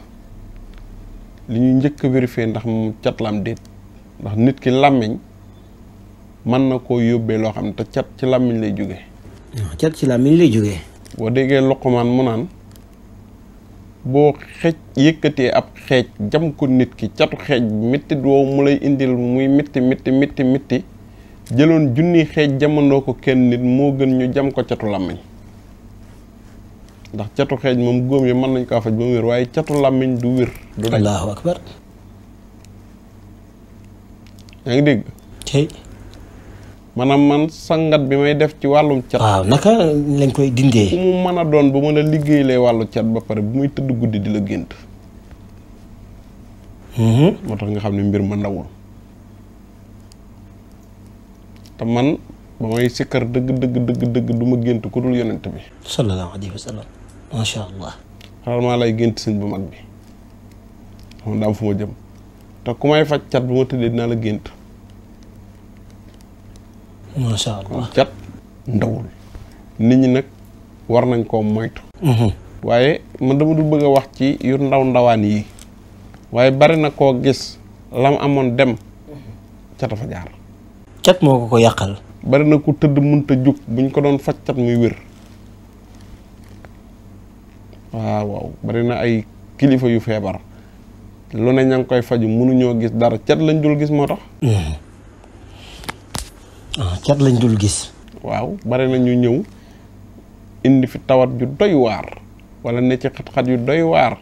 li ñu njëkk a vérifier ndax mu cat la déet ndax nit ki làmmiñ mën na koo yóbbee loo xam ne te cat ci làmmiñ lay jóge cat ci làmmiñ lay jóge boo déggee Luqmaan mu naan boo xeej yëkkatee ab xeej jam ko nit ki catu xeej mettit woowu mu lay indil muy mitti mitti mitti jëloon junni xeej jamonoo ko kenn nit moo gën ñu jam ko catu làmmiñ ndax catu xeej moom góom yi mën nañ kaa faj ba mu wér waaye catu làmmiñ du wér du dañ allahu akbar yaa ngi dégg tey maanaam man sangat bi may def ci wàllum cat waaw naka lañ koy dindee mu mën a doon ba mën a liggéey lay wàllu cat ba pare bu muy tëdd guddi di la gént mhm. moo tax nga xam ne mbir ma ndawul te man ba may sikkar dëgg dëgg dëgg dëgg ma gént ku dul yonent bi. sallallahu alayhi wa sallam macha lay gént sëñ bu mag bi xam daam fu ma jëm te ku may faj cat bu ma tëddee dinaa la gént. cat ndawul nit ñi nag war nañ koo moytu. Mhm. waaye man dama dul bëgg a wax ci yu ndaw ndawaan yi waaye bari na koo gis lam amoon dem mhm. ca cat moo ko ko yàqal. bari na ku tëdd mënta jug buñ ko doon faj cat muy wér waaw waaw bari na ay kilifa yu feebar lu ne ngi koy faju mënuñoo gis dara cat lañ dul gis moo tax. Hmm. Ah, cat lañ dul gis. waaw bari na ñu ñëw indi fi tawat yu doy waar walla ne ci xat-xat yu doy waar.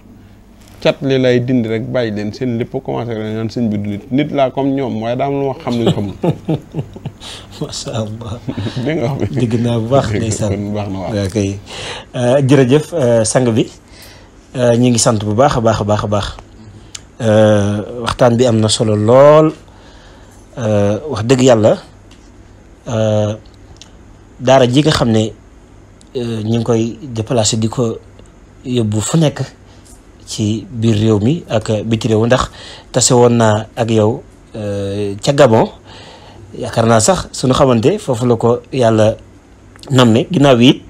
cat li lay dindi rek bàyyi leen seen lépp commencé rek naan sëñ bi du nit nit laa comme ñoom waaye daam lu ma xam luñ xamul. (laughs) macha (laughs) nga wax bi dégg naa bu baax. ndeysaan bu baax wax waaw kay. Euh, jërëjëf euh, sang bi euh, ñu ngi sant bu baax a baax baax a baax waxtaan bi am na solo lool wax dëgg yàlla daara ji nga xam ne ñu ngi koy déplacé di ko yóbbu fu nekk. ci biir réew mi ak biti réew ndax tase woon naa ak yow euh, ca Gabon yaakaar naa sax suñu xamante foofu la ko yàlla nam ne ginnaaw bi it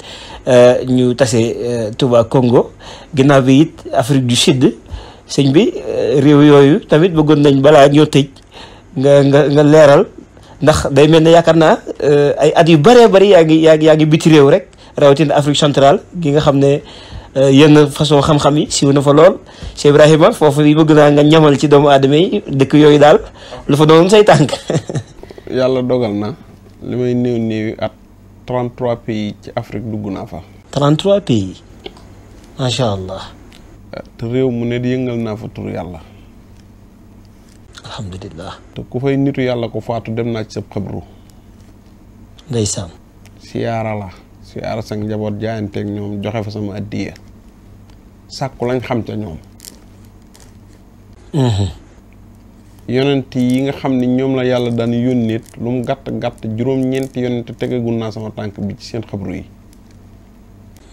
euh, ñu tase euh, tubaa Congo ginnaaw bi it Afrique du Sud sëñ bi réew yooyu tamit bëggoon nañ balaa ñoo tëj nga nga leeral ndax day mel ni yaakaar naa ay at yu bëree bëri yaa ngi yaa ngi yaa réew rek rawatina Afrique centrale gi nga xam ne Euh, yenn façon xam-xam yi siiw na fa lool Cheikh Ibrahima foofu yi bëgg naa nga ñamal ci doomu aadama yi dëkk yooyu daal lu fa doon say tànk (laughs) yàlla dogal na li may néew néewi at 33 pays ci Afrique dugg naa fa 33 pays macha allah te réew mu ne yëngal naa fa tur yàlla alhamdulilah te ku fay nitu yàlla ko faatu dem naa ci sa xabru ndeysaan siyaara la si aras njaboot jaayanteeg ñoom joxe fa sama addiya sàkku lañ xam ca ñoom mm-hmm. yonent yi nga xam ne ñoom la yàlla daan yónnit lu mu gàtt gàtt juróom-ñeenti yonent tegagul naa sama tànk bi ci seen xabru yi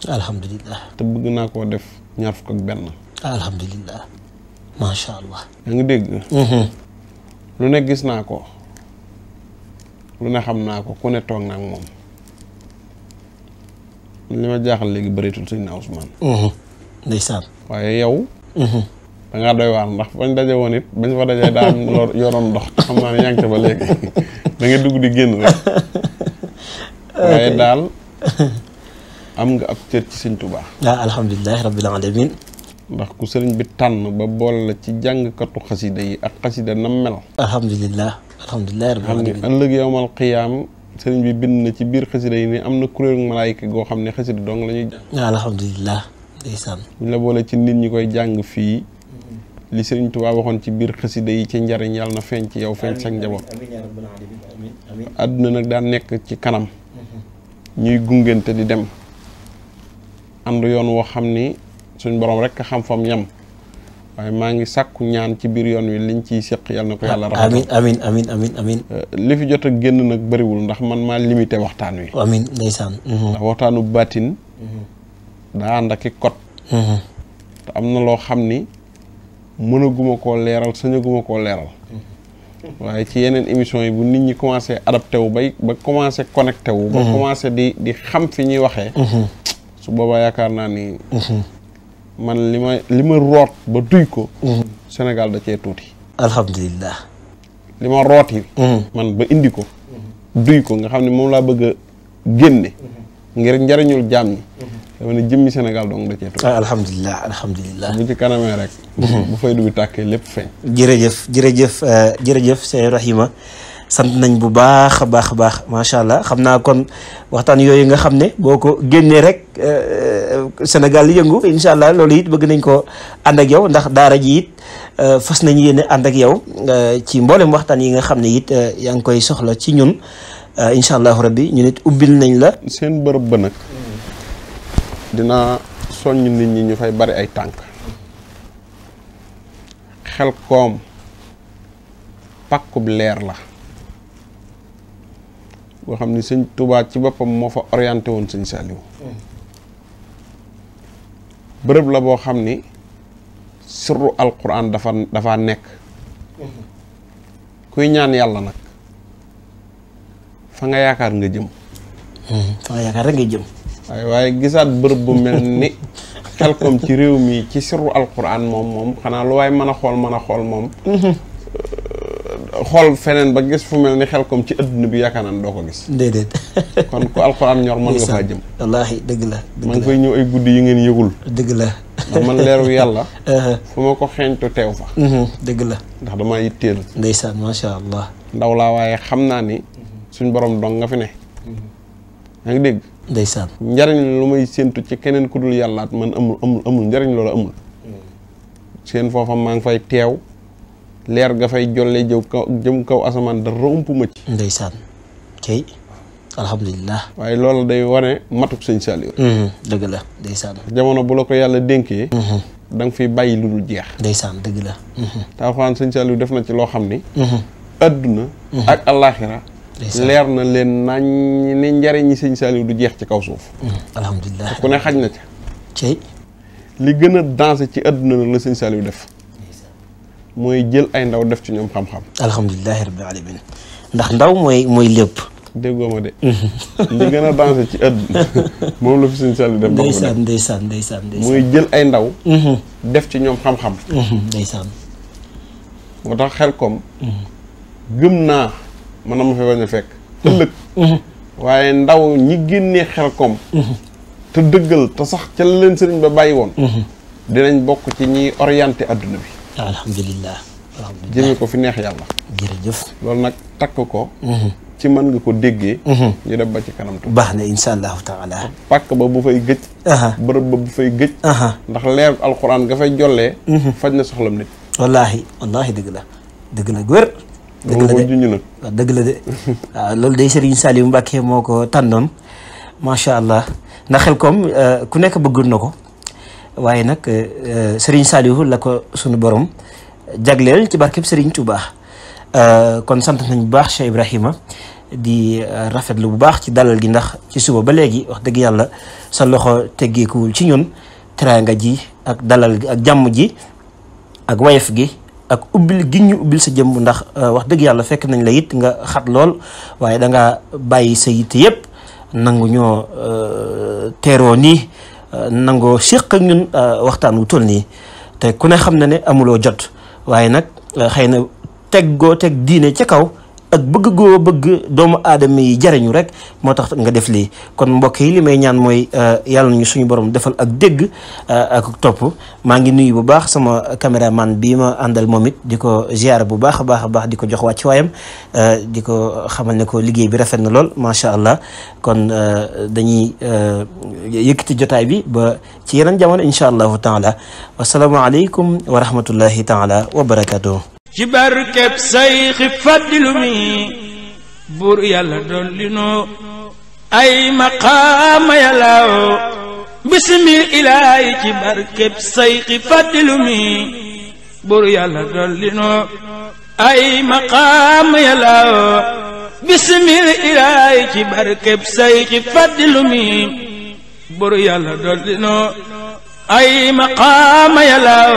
alhamdulilah te bëgg naa koo def ñaar fukk ak benn alhamdulilah macha allah yaa dégg mm-hmm. lu ne gis naa ko lu ne xam naa ko ku ne toog naa ak moom li ma jaaxal léegi bëreetul sëñ na Ousmane. ndeysaan. waaye yow. da ngaa doy waar ndax bañ daje woon it bañ fa dajee daa am yoroon ndox xam naa ne yaa ba léegi da nga dugg di génn rek. (laughs) waaye daal (laughs) am nga ab cër ci sëñ Tuubaa. waaw alhamdulilah rabbil alamin ndax ku sëriñ bi tànn ba boole la ci jàngkatu xasida yi ak xasida nam mel. alhamdulilah alhamdulilah rabbil alamin ëllëg yowmal qiyaam sëriñ bi bind na ci biir xasida yi ne am na kuréelu malaayika goo xam ne xasida dong la ñuy jàng alhamdulilah la boole ci nit ñi koy jàng fii li sëriñ Tuubaa waxoon ci biir xasida yi ci njariñ yàlla na feeñ ci yow feeñ sa njaboot àdduna nag daan nekk ci kanam mhm. ñuy gungante di dem ànd yoon woo xam ni suñ borom rek xam fam yam waaye maa ngi sàkku ñaan ci biir yoon wi liñ ciy séq yal na ko yàlla raxal amin amin amin amin euh, li fi jot ak génn nag bariwul ndax man maa limite waxtaan wi amin ndeysaan mhm. ndax waxtaanu baatin mhm. daa ànd ak i kot mhm. te am na loo xam ni mënaguma koo leeral sañaguma koo leeral waaye ci yeneen émission yi bu nit ñi commencé adapté wu bay ba commencé connecté wu ba commencé di di xam fi ñuy waxee su boobaa yaakaar naa ni man li ma li ma root ba duy ko. Mm-hmm. Sénégal da cee tuuti. alhamdulilah. li ma root yi. Mm-hmm. man ba indi ko. duy ko nga xam ne moom laa bëgg a génne. Mm-hmm. ngir njariñul jaam ñi. dama ne jëmmi Sénégal dong da cee tuuti. Ah, alhamdulilah alhamdulilah. ci kanamee rek. bu fay dugg tàkkee lépp feeñ. jërëjëf jërëjëf euh, jërëjëf sant nañ bu baax a baax a baax macha allah xam naa kon waxtaan yooyu nga xam ne boo ko génnee rek euh, Sénégal yëngu incha allah loolu it bëgg nañ ko ànd ak yow ndax daara ji it euh, fas nañu yéene ànd ak yow euh, ci mboolem waxtaan yi nga xam ne it yaa ngi koy soxla ci ñun incha allahu rabbi ñu nit ubbil nañ la. seen bërëb ba nag dina soññ nit ñi ñu fay bari ay tànk xel koom pàkkub leer la. boo xam ni sëñ Touba ci boppam moo fa orienté woon sëñ Saliou bërëb la boo xam ni sirru alquran dafa dafa nekk kuy ñaan yàlla nag fa nga yaakaar nga jëm hmm, fa nga yaakaar rek nga jëm waaye waaye gisaat bërëb bu mel ni xelkom ci réew mi ci sirru alquran moom moom xanaa lu waay mën a xool mën a xool moom hmm, hmm. xool feneen ba gis fu mel ni xel kom ci adduna bi yaakaar doo ko gis déedéet (laughs) kon ku alxuraan ñor mën nga faa jëm wallaahi dëgg la man fay ñëw ay guddi yi ngeen yëgul dëgg la ndax man leeru yàlla (laughs) uh-huh. fu ma ko xeeñtu teew fa mm-hmm. dëgg la ndax damaa yitteel ndeysaan macha allah ndaw laa waaye xam naa ni suñ borom dong nga fi ne mm-hmm. yaa ngi dégg ndeysaan njariñ lu may séentu ci keneen ku dul yàllaat man amul amul amul njariñ loolu amul mm-hmm. seen foofa maa ngi fay teew leer ga fay jolle jëw kaw jëm kaw asamaan dara ump ma ci. ndeysaan kay alhamdulilah. waaye loolu day wane matuk sëñ Saliou. Mhm, dëgg la ndeysaan. yàlla dénkee. Mhm. da nga fiy bàyyi jeex. ndeysaan dëgg la. Mhm. taafaan sëñ Saliou def na ci loo xam ni. adduna. ak allaaxira leer na leen nañ ne njariñi sëñ Saliou du jeex ci kaw suuf. alhamdulilah ku ne xaj na ca. cey li gën a dansé ci adduna la sëñ Saliou def. mooy jël ay ndaw def ci ñoom xam-xam. alhamdulilah rabbil alamin ndax ndaw mooy mooy lépp. déggoo ma de. (laughs) li gën a dansé ci àdduna moom la fi suñu sàll def. ndeysaan ndeysaan ndeysaan ndeysaan muy jël ay ndaw. Mhm. def ci ñoom xam-xam. Mhm, ndeysaan. moo tax xel kom mhm. gëm naa man a ma fi bañ a fekk. ëllëg. waaye ndaw ñi génnee xel kom te dëggal te sax ca la leen sëriñ ba bàyyi woon. dinañ bokk ci ñiy orienté àdduna bi. alhamdulilah. jëmee ko fi neex yàlla. jërëjëf. loolu nag takk ko. Mhm. ci mën nga ko déggee. Mhm. ñu dem ba ci kanam tuuti. baax na incha allahu pàkk ba bu fay gëj. bërëb ba bu fay gëj. ndax leer alquran nga fay jollee. Mhm. faj na soxlam nit. wallaahi wallaahi dëgg la dëgg la wér. dëgg la de waaw dëgg la de (laughs) waaw loolu day moo ko tàndoon macha allah ndax xel koom euh, ku nekk bëggoon na ko. waaye nag eh, eh, Serigne Saliou la ko sunu borom jagleel ci barkeb Serigne Touba eh, kon sant nañ bu baax Cheikh Ibrahima di rafetlu bu baax ci dalal gi ndax ci suba ba léegi wax dëgg yàlla sa loxo teggeekuwul ci ñun teraanga ji ak dalal gi ak jàmm ji ak wayef gi ak ubbil gi ñu ubbil sa jëmm ndax wax dëgg yàlla fekk nañ la it nga xat lool waaye dangaa bàyyi sa yitte yépp nangu ñoo teeroo nii nangoo séq ak euh, waxtaan wu toll nii te ku ne xam na ne amuloo jot waaye nag euh, xëy na teg goo teg diine ca kaw ak bëgg goo bëgg doomu aadama yi jariñu rek moo tax nga def lii kon mbokk yi li may ñaan mooy euh, yàlla ñu suñu borom defal ak dégg euh, ak topp maa ngi nuyu bu baax sama caméraman bii ma àndal moom it di ko ziar bu baax a baax a baax di ko jox wàcc waayam euh, di ko xamal ne ko liggéey bi rafet na lool macha allah kon dañuy yëkkati jotaay bi ba ci yeneen jamono incha allahu taala wasalaamualeykum wa rahmatullahi taala wa barakatuh ci barkeb sayxi faddilu mi buur yàlla dolli noo ay maqaama yàllaaw bismil ilaahi ci barkeb sayxi faddilu mi buur yàlla dolli noo ay maqaama yàllaaw bismil ilaahi ci barkeb sayxi faddilu mi buur yàlla dolli noo ay maqaama yàllaaw